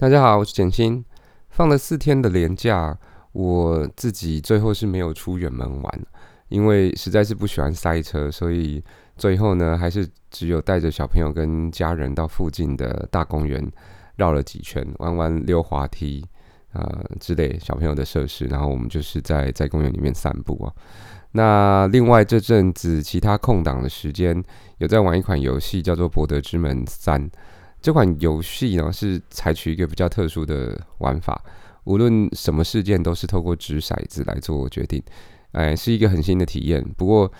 大家好，我是簡心，放了四天的連假，我自己最後是沒有出遠門玩，因為實在是不喜歡塞車，所以最後呢，還是只有帶着小朋友跟家人到附近的大公園繞了幾圈，玩玩溜滑梯啊、呃、之類小朋友的設施，然後我們就是在在公園裡面散步啊。那另外這陣子其他空檔的時間，有在玩一款遊戲叫做《博德之門三》。這款遊戲呢是採取一個比較特殊的玩法，無論什麼事件都是透過擲骰子來做決定，哎，是一個很新的體驗。不過，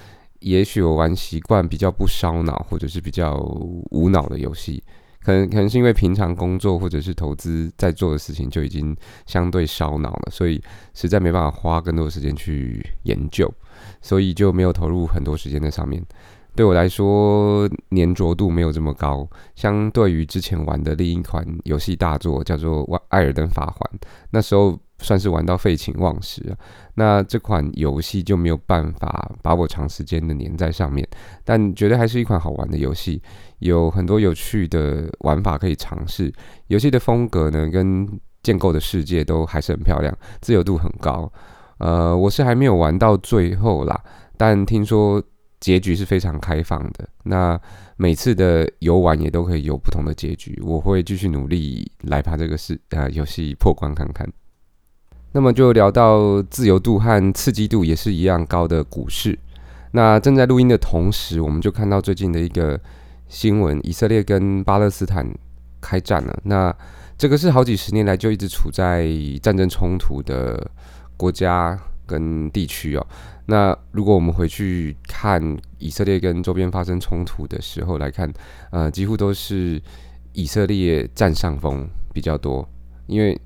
也許我玩習慣比較不燒腦，或者是比較無腦的遊戲，可能可能是因為平常工作或者是投資在做的事情就已經相對燒腦了，所以實在沒辦法花更多時間去研究，所以就沒有投入很多時間在上面。對我來說，黏着度沒有這麼高。相對於之前玩的另一款遊戲大作，叫做《艾爾登法環》，那時候算是玩到廢寢忘食。那這款遊戲就沒有辦法把我長時間的黏在上面，但覺得還是一款好玩的遊戲，有很多有趣的玩法可以嘗試。遊戲的風格呢，跟建構的世界都還是很漂亮，自由度很高。呃，我是還沒有玩到最後啦，但聽說。結局是非常開放的，那每次的遊玩也都可以有不同的結局。我會繼續努力來把這個事啊、呃、遊戲破關看看。那麼就聊到自由度和刺激度也是一樣高的股市。那正在錄音的同時，我們就看到最近的一個新聞：以色列跟巴勒斯坦開戰了。那這個是好幾十年來就一直處在戰爭衝突的國家。跟地區哦，那如果我們回去看以色列跟周邊發生衝突的時候來看，呃，幾乎都是以色列占上風比較多，因為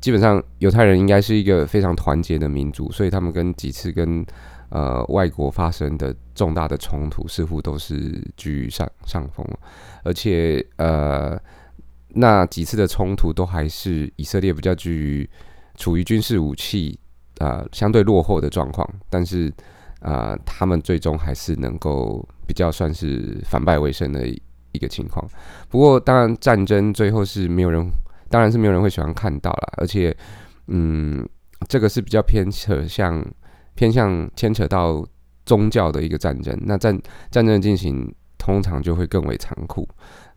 基本上猶太人應該是一個非常團結的民族，所以他們跟幾次跟呃外國發生的重大的衝突，似乎都是居於上上風，而且呃，那幾次的衝突都還是以色列比較居於處於軍事武器。呃，相對落後的狀況，但是，啊、呃，他們最終還是能夠比較算是反敗為勝的一個情況。不過，當然戰爭最後是沒有人，當然是沒有人會喜歡看到啦。而且，嗯，這個是比較偏扯向偏向牽扯到宗教的一個戰爭。那戰戰爭的進行通常就會更為殘酷。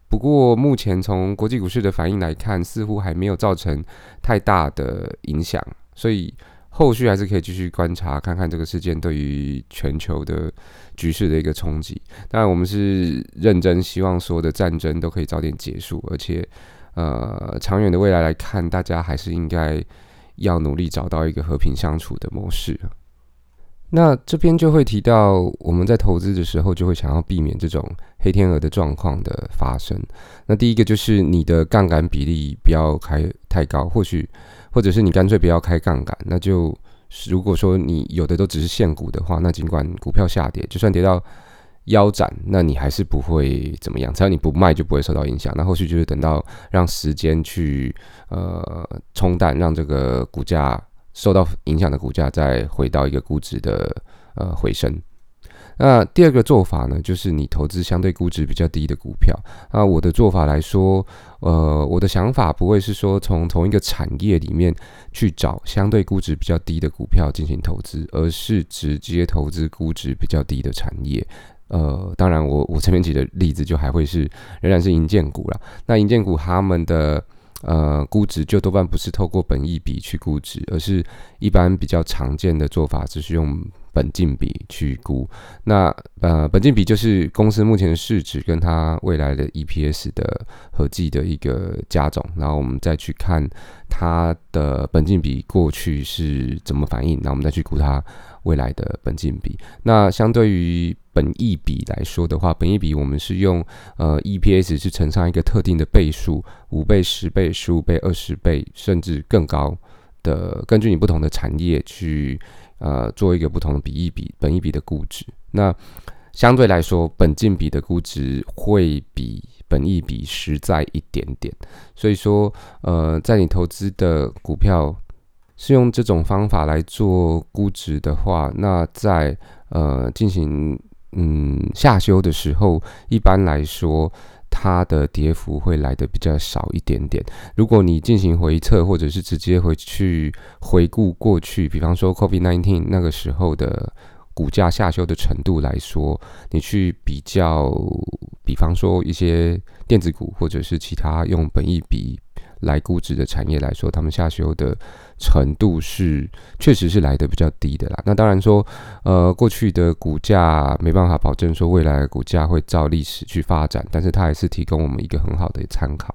不過，目前從國際股市的反應來看，似乎還沒有造成太大的影響，所以。後續還是可以繼續觀察，看看這個事件對於全球的局勢的一個衝擊。當然，我們是認真希望所有的戰爭都可以早點結束，而且呃，長遠的未來來看，大家還是應該要努力找到一個和平相處的模式。那這邊就會提到，我們在投資的時候就會想要避免這種黑天鵝的狀況的發生。那第一個就是你的槓桿比例不要開太高，或許。或者是你乾脆不要開槓桿，那就如果說你有的都只是現股的話，那儘管股票下跌，就算跌到腰斬，那你還是不會怎麼樣，只要你不賣就不會受到影響。那後續就是等到讓時間去呃沖淡，讓這個股價受到影響的股價再回到一個估值的呃回升。那第二個做法呢，就是你投資相對估值比較低的股票。那我的做法來說，呃，我的想法不會是說從同一個產業裡面去找相對估值比較低的股票進行投資，而是直接投資估值比較低的產業。呃，當然我，我我前面舉的例子就還會是仍然是營建股了。那營建股他們的呃估值就多半不是透過本益比去估值，而是一般比較常見的做法就是用。本淨比去估，那呃，本淨比就是公司目前的市值跟它未來的 EPS 的合計的一個加總，然後我們再去看它的本淨比過去是怎麼反應，然後我們再去估它未來的本淨比。那相對於本益比來說的話，本益比我們是用呃 EPS 是乘上一個特定的倍數，五倍、十倍、十五倍、二十倍，甚至更高的，根據你不同的產業去。呃，做一個不同的比一比，本益比的估值，那相對來說，本淨比的估值會比本益比實在一點點，所以說，呃，在你投資的股票是用這種方法來做估值的話，那在呃進行嗯下修的時候，一般來說。它的跌幅會來得比較少一點點。如果你進行回測，或者是直接回去回顧過去，比方說 COVID-19 那個時候的股價下修的程度來說，你去比較，比方說一些電子股，或者是其他用本益比。來估值的產業來說，他們下修的程度是確實是來的比較低的啦。那當然說，呃，過去的股價沒辦法保證說未來的股價會照歷史去發展，但是它還是提供我們一個很好的參考。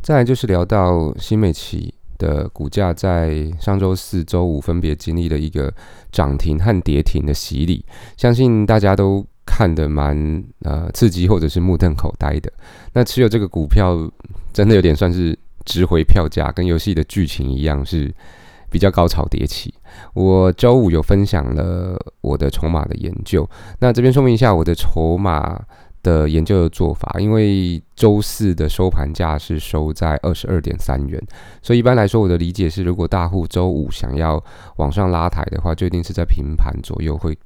再來就是聊到新美齊的股價，在上周四、周五分別經歷了一個漲停和跌停的洗禮，相信大家都看得蠻呃刺激，或者是目瞪口呆的。那持有這個股票，真的有點算是值回票價，跟遊戲的劇情一樣，是比較高潮迭起。我周五有分享了我的籌碼的研究，那這邊說明一下我的籌碼的研究的做法。因為周四的收盤價是收在二十二點三元，所以一般來說，我的理解是，如果大戶周五想要往上拉抬的話，就一定是在平盤左右會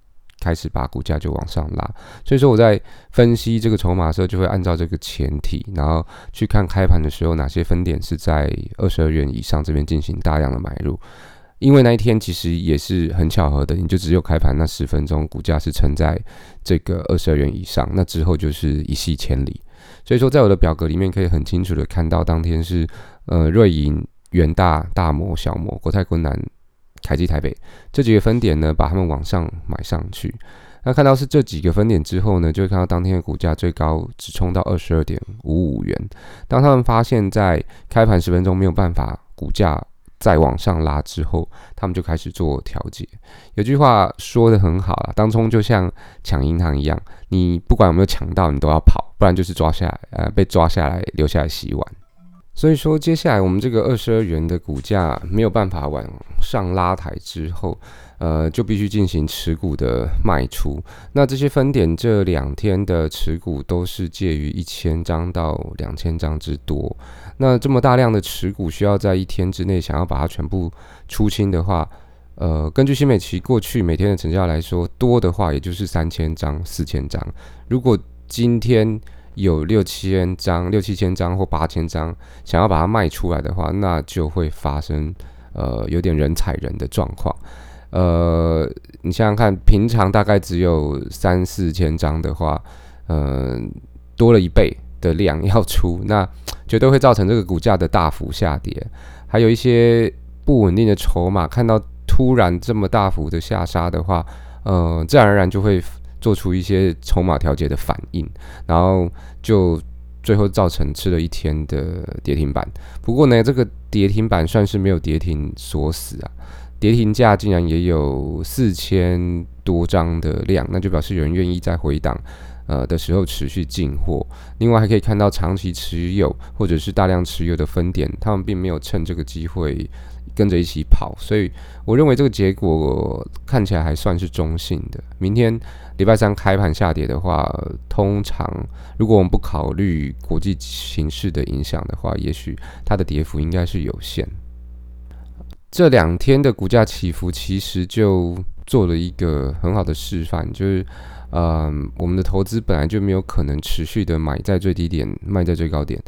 開始把股價就往上拉，所以說我在分析這個籌碼的時候，就會按照這個前提，然後去看開盤的時候哪些分點是在二十二元以上這邊進行大量的買入，因為那一天其實也是很巧合的，你就只有開盤那十分鐘股價是撐在這個二十二元以上，那之後就是一瀉千里。所以說，在我的表格裡面可以很清楚的看到，當天是呃瑞銀、元大、大摩、小摩、國泰、國南。台積、凱基台北這幾個分點呢，把他們往上買上去。那看到是這幾個分點之後呢，就會看到當天的股價最高只衝到二十二點五五元。當他們發現，在開盤十分鐘沒有辦法股價再往上拉之後，他們就開始做調節。有句話說得很好啊，當衝就像搶銀行一樣，你不管有沒有搶到，你都要跑，不然就是抓下來，呃，被抓下來留下來洗碗。所以說，接下來我們這個二十二元的股價沒有辦法往上拉抬之後，呃，就必須進行持股的賣出。那這些分點這兩天的持股都是介於一千張到兩千張之多。那這麼大量的持股，需要在一天之內想要把它全部出清的話，呃，根據新美齊過去每天的成交來說，多的話也就是三千張、四千張。如果今天有六七千張、六七千張或八千張，想要把它賣出來的話，那就會發生呃有點人踩人的狀況。呃，你想想看，平常大概只有三四千張的話，嗯、呃，多了一倍的量要出，那絕對會造成這個股價的大幅下跌。還有一些不穩定的籌碼，看到突然這麼大幅的下殺的話，呃，自然而然就會，做出一些籌碼調節的反應，然後就最後造成吃了一天的跌停板。不過呢，這個跌停板算是沒有跌停鎖死啊，跌停價竟然也有四千多張的量，那就表示有人願意在回檔呃的時候持續進貨。另外還可以看到長期持有或者是大量持有的分點，他們並沒有趁這個機會。跟着一起跑，所以我認為這個結果看起來還算是中性的。明天禮拜三開盤下跌的話，通常如果我們不考慮國際形勢的影響的話，也許它的跌幅應該是有限。這兩天的股價起伏其實就做了一個很好的示範，就是嗯、呃，我們的投資本來就沒有可能持續的買在最低點，賣在最高點，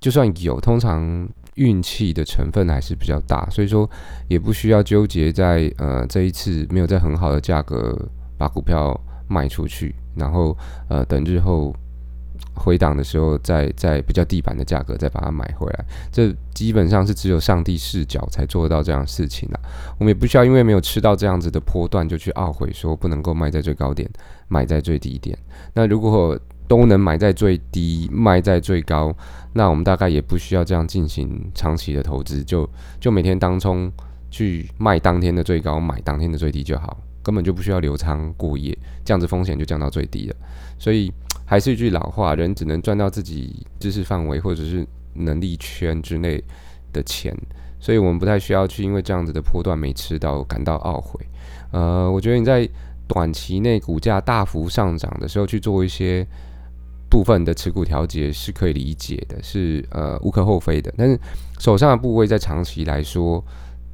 就算有，通常。運氣的成分還是比較大，所以說也不需要糾結在呃，這一次沒有在很好的價格把股票賣出去，然後呃等日後回檔的時候再在比較地板的價格再把它買回來，這基本上是只有上帝視角才做到這樣的事情的，我們也不需要因為沒有吃到這樣子的波段就去懊悔，說不能夠賣在最高點，買在最低點。那如果都能買在最低，賣在最高，那我們大概也不需要這樣進行長期的投資，就就每天當沖去賣當天的最高，買當天的最低就好，根本就不需要留倉過夜，這樣子風險就降到最低了。所以還是一句老話，人只能賺到自己知識範圍或者是能力圈之內的錢，所以我們不太需要去因為這樣子的波段沒吃到感到懊悔。呃，我覺得你在短期內股價大幅上漲的時候去做一些。部分的持股調節是可以理解的，是呃無可厚非的。但是手上的部位在長期來說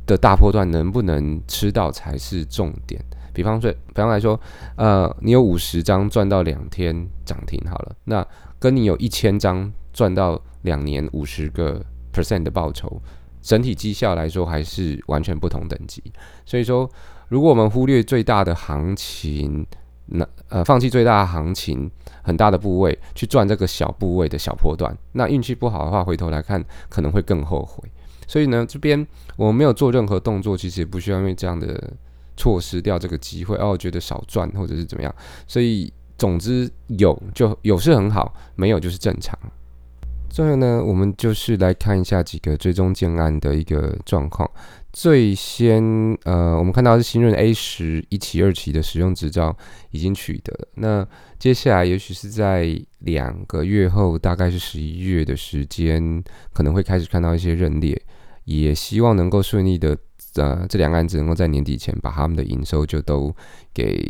的大波段，能不能吃到才是重點。比方說，比方來說，呃，你有五十張賺到兩天漲停好了，那跟你有一千張賺到兩年五十個 percent 的報酬，整體績效來說還是完全不同等級。所以說，如果我們忽略最大的行情。那呃，放棄最大的行情，很大的部位去賺這個小部位的小波段。那運氣不好的話，回頭來看可能會更後悔。所以呢，這邊我沒有做任何動作，其實也不需要因為這樣的錯失掉這個機會哦。覺得少賺或者是怎麼樣，所以總之有就有是很好，沒有就是正常。最後呢，我們就是來看一下幾個最終建案的一個狀況。最先，呃，我們看到是新潤 A 十一期、二期的使用執照已經取得。那接下來，也許是在兩個月後，大概是十一月的時間，可能會開始看到一些認列。也希望能夠順利的，呃，這兩個案子能夠在年底前把他們的營收就都給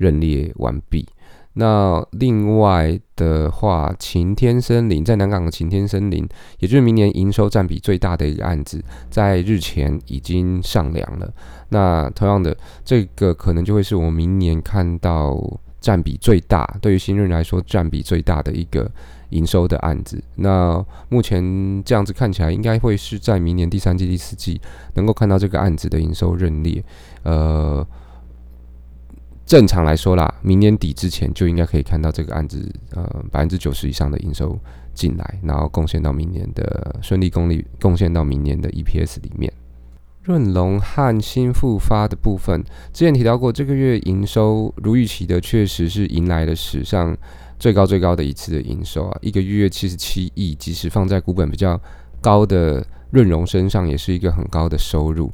認列完畢。那另外的話，晴天森林，在南港的晴天森林，也就是明年營收占比最大的一個案子，在日前已經上樑了。那同樣的，這個可能就會是我們明年看到占比最大，對於新潤來說占比最大的一個營收的案子。那目前這樣子看起來，應該會是在明年第三季、第四季能夠看到這個案子的營收認列。呃。正常來說啦，明年底之前就應該可以看到這個案子，呃，百分之九十以上的營收進來，然後貢獻到明年的順利盈利，貢獻到明年的 EPS 裡面。潤隆和興富發的部分，之前提到過，這個月營收如預期的，確實是迎來了史上最高最高的一次的營收啊，一個月七十七億，即使放在股本比較高的潤隆身上，也是一個很高的收入。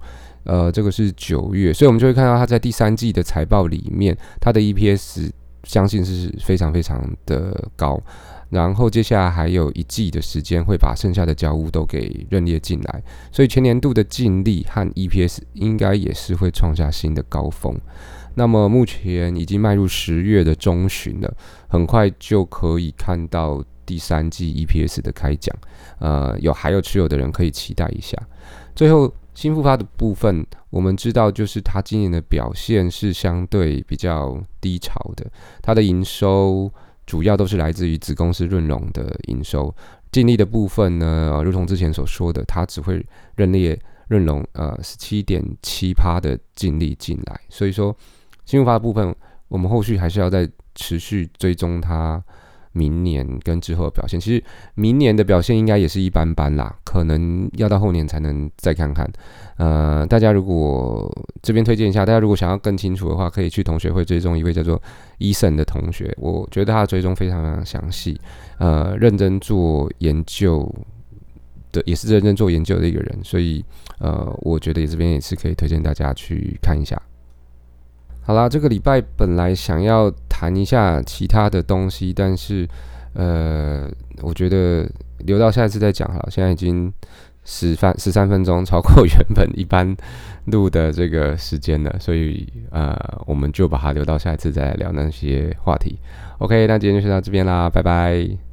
呃，這個是九月，所以我們就會看到它在第三季的財報裡面，它的 EPS 相信是非常非常的高。然後接下來還有一季的時間，會把剩下的交屋都給認列進來，所以全年度的淨利和 EPS 應該也是會創下新的高峰。那麼目前已經邁入十月的中旬了，很快就可以看到第三季 EPS 的開獎。呃，有還有持有的人可以期待一下。最後。興富發的部分，我們知道就是它今年的表現是相對比較低潮的。它的營收主要都是來自於子公司潤隆的營收。淨利的部分呢，如同之前所說的，它只會認列潤隆呃十七點七趴的淨利進來。所以說，興富發的部分，我們後續還是要再持續追蹤它。明年跟之後的表現，其實明年的表現應該也是一般般啦，可能要到後年才能再看看。呃，大家如果這邊推薦一下，大家如果想要更清楚的話，可以去同學會追蹤一位叫做 Eason 的同學，我覺得他的追蹤非常非常詳細，呃，認真做研究的也是認真做研究的一個人，所以呃，我覺得也這邊也是可以推薦大家去看一下。好啦，這個禮拜本來想要談一下其他的東西，但是，呃，我覺得留到下一次再講好了。現在已經十分，十三分鐘，超過原本一般錄的這個時間了，所以呃，我們就把它留到下一次再聊那些話題。OK，那今天就先到這邊啦，拜拜。